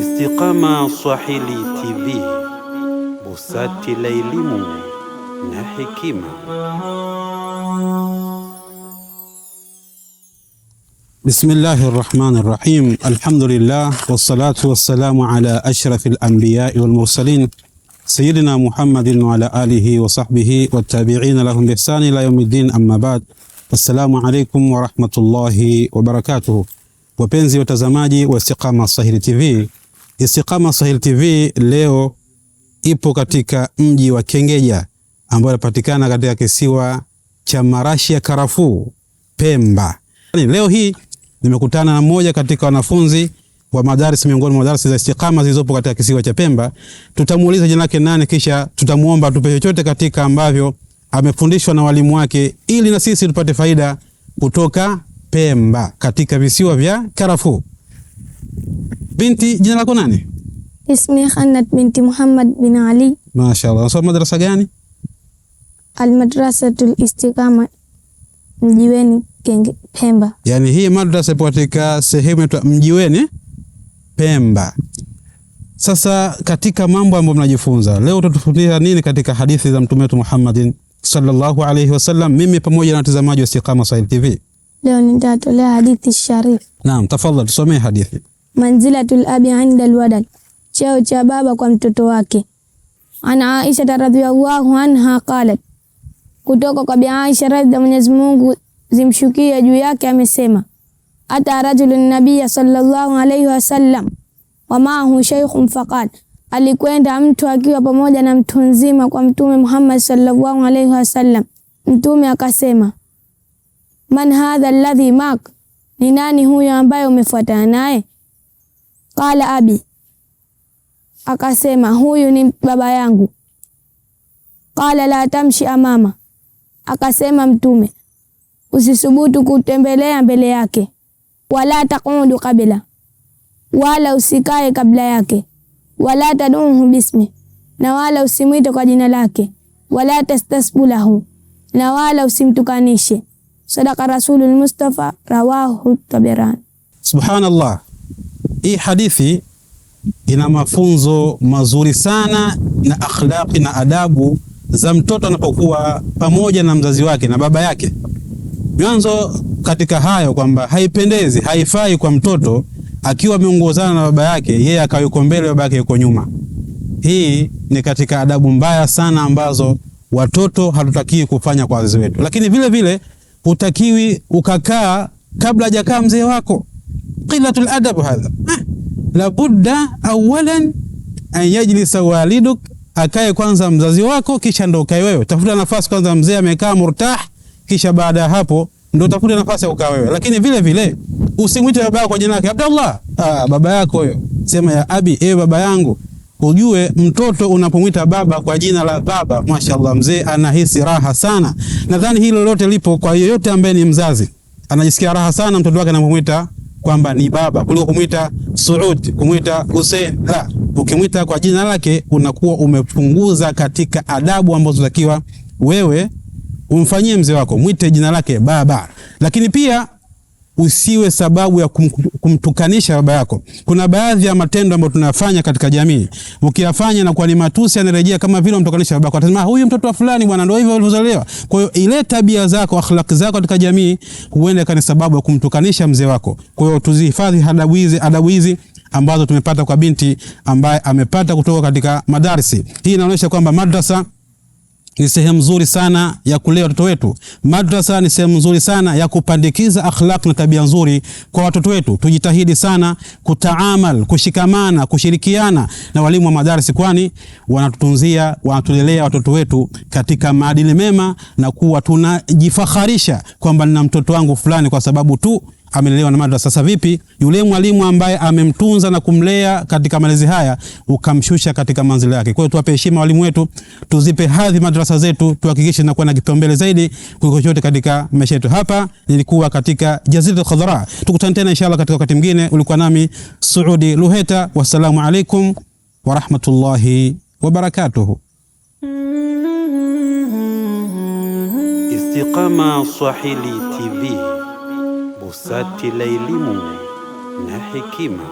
Istiqama Swahili TV, busati la elimu na بسم الله الرحمن الرحيم الحمد لله والصلاة والسلام على أشرف الأنبياء والمرسلين سيدنا محمد وعلى آله وصحبه والتابعين لهم بإحسان إلى يوم الدين أما بعد السلام عليكم ورحمة الله وبركاته Wapenzi watazamaji wa Istiqama Swahili TV, Istiqama Swahili TV leo ipo katika mji wa Kengeja ambao unapatikana katika kisiwa cha marashi ya karafuu Pemba. Yaani, leo hii nimekutana na mmoja katika wanafunzi wa madaris miongoni mwa madaris za Istiqama zilizopo katika kisiwa cha Pemba. Tutamuuliza jina lake nani, kisha tutamuomba tupe chochote katika ambavyo amefundishwa na walimu wake, ili na sisi tupate faida kutoka Pemba katika visiwa vya Karafuu. Binti, jina lako nani? Ismi Khanat binti Muhammad bin Ali. Mashaallah. Unasoma madrasa gani? Almadrasatul Istiqama Mjiweni Kenge, Pemba. Yaani hii madrasa ipo katika sehemu ya Mjiweni Pemba. Sasa katika mambo ambayo mnajifunza leo, tutafundisha nini katika hadithi za mtume wetu Muhammadin sallallahu alaihi wasallam, mimi pamoja na watazamaji wa Istiqama Swahili TV? Leo nitatolea hadithi sharif. Naam, tafadhali tusomee hadithi. Manzilatul abi inda alwadad, cheo cha baba kwa mtoto wake. An Aisha radhiyallahu anha qalat, kutoka kwa Bi Aisha radhi za Mwenyezi Mungu zimshukia juu yake amesema, ata rajulun nabiyya sallallahu alayhi wasallam wa maahu shaykhun faqala, alikwenda mtu akiwa pamoja na mtu nzima kwa Mtume Muhammad sallallahu alayhi wasallam. Mtume akasema man hadha alladhi mak, ni nani huyo ambaye umefuatana naye? Qala abi, akasema huyu ni baba yangu. Qala la tamshi amama, akasema Mtume usisubutu kutembelea mbele yake. Wala taqudu qabla, wala usikae kabla yake. Wala taduhu bismi, na wala usimwite kwa jina lake. Wala tastasbulahu, na wala usimtukanishe. Sadaqa Rasulul Mustafa rawahu Tabarani. Subhanallah, hii hadithi ina mafunzo mazuri sana na akhlaqi na adabu za mtoto anapokuwa pamoja na mzazi wake na baba yake. Mwanzo katika hayo kwamba haipendezi, haifai kwa mtoto akiwa ameongozana na baba yake, yeye akawa yuko mbele, baba yake yuko nyuma. Hii ni katika adabu mbaya sana ambazo watoto hatutakii kufanya kwa wazazi wetu, lakini vile vile hutakiwi ukakaa kabla hajakaa mzee wako. Qillatul adab hadha. Ah, la budda awalan an yajlisa waliduk, akae kwanza mzazi wako, kisha ndo ukae wewe. Tafuta nafasi kwanza, mzee amekaa murtah, kisha baada ya hapo ndo tafuta nafasi ya ukaa wewe. Lakini vile vile usimwite baba yako jina lake Abdallah. Ah, baba yako huyo, sema ya abi, e baba yangu Ujue mtoto unapomwita baba kwa jina la baba, mashallah, mzee anahisi raha sana. Nadhani hilo lote lipo kwa yeyote ambaye ni mzazi, anajisikia raha sana mtoto wake anapomwita kwamba ni baba, kuliko kumwita Suud, kumwita Hussein. La, ukimwita kwa jina lake unakuwa umepunguza katika adabu ambazo takiwa wewe umfanyie mzee wako, mwite jina lake baba, lakini pia usiwe sababu ya kumtukanisha baba yako. Kuna baadhi ya matendo ambayo tunafanya katika jamii, ukiyafanya na kwa ni matusi, anarejea kama vile umtukanisha baba yako, atasema ah, huyu mtoto wa fulani bwana, ndio hivyo alivyozaliwa. Kwa hiyo ile tabia zako, akhlaq zako katika jamii huenda kana sababu ya kumtukanisha mzee wako. Kwa hiyo tuzihifadhi adabu hizi, adabu hizi ambazo tumepata kwa binti ambaye amepata kutoka katika madarisi. Hii inaonyesha kwamba madrasa ni sehemu nzuri sana ya kulea watoto wetu. Madrasa ni sehemu nzuri sana ya kupandikiza akhlaq na tabia nzuri kwa watoto wetu. Tujitahidi sana kutaamal, kushikamana, kushirikiana na walimu wa madarasa, kwani wanatutunzia, wanatulelea watoto wetu katika maadili mema na kuwa tunajifaharisha kwamba nina mtoto wangu fulani kwa sababu tu amelelewa na madrasa. Sasa vipi yule mwalimu ambaye amemtunza na kumlea katika malezi haya ukamshusha katika manzila yake? Kwa hiyo tuwape heshima walimu wetu, tuzipe hadhi madrasa zetu, tuhakikishe na kuwa na kipaumbele zaidi kuliko chote katika maisha yetu. Hapa nilikuwa katika Jazira Khadhara, tukutane tena inshallah katika wakati mwingine. Ulikuwa nami Suudi Luheta, wassalamu alaikum wa rahmatullahi wa barakatuhu. Istiqama Swahili TV busati la elimu na hekima.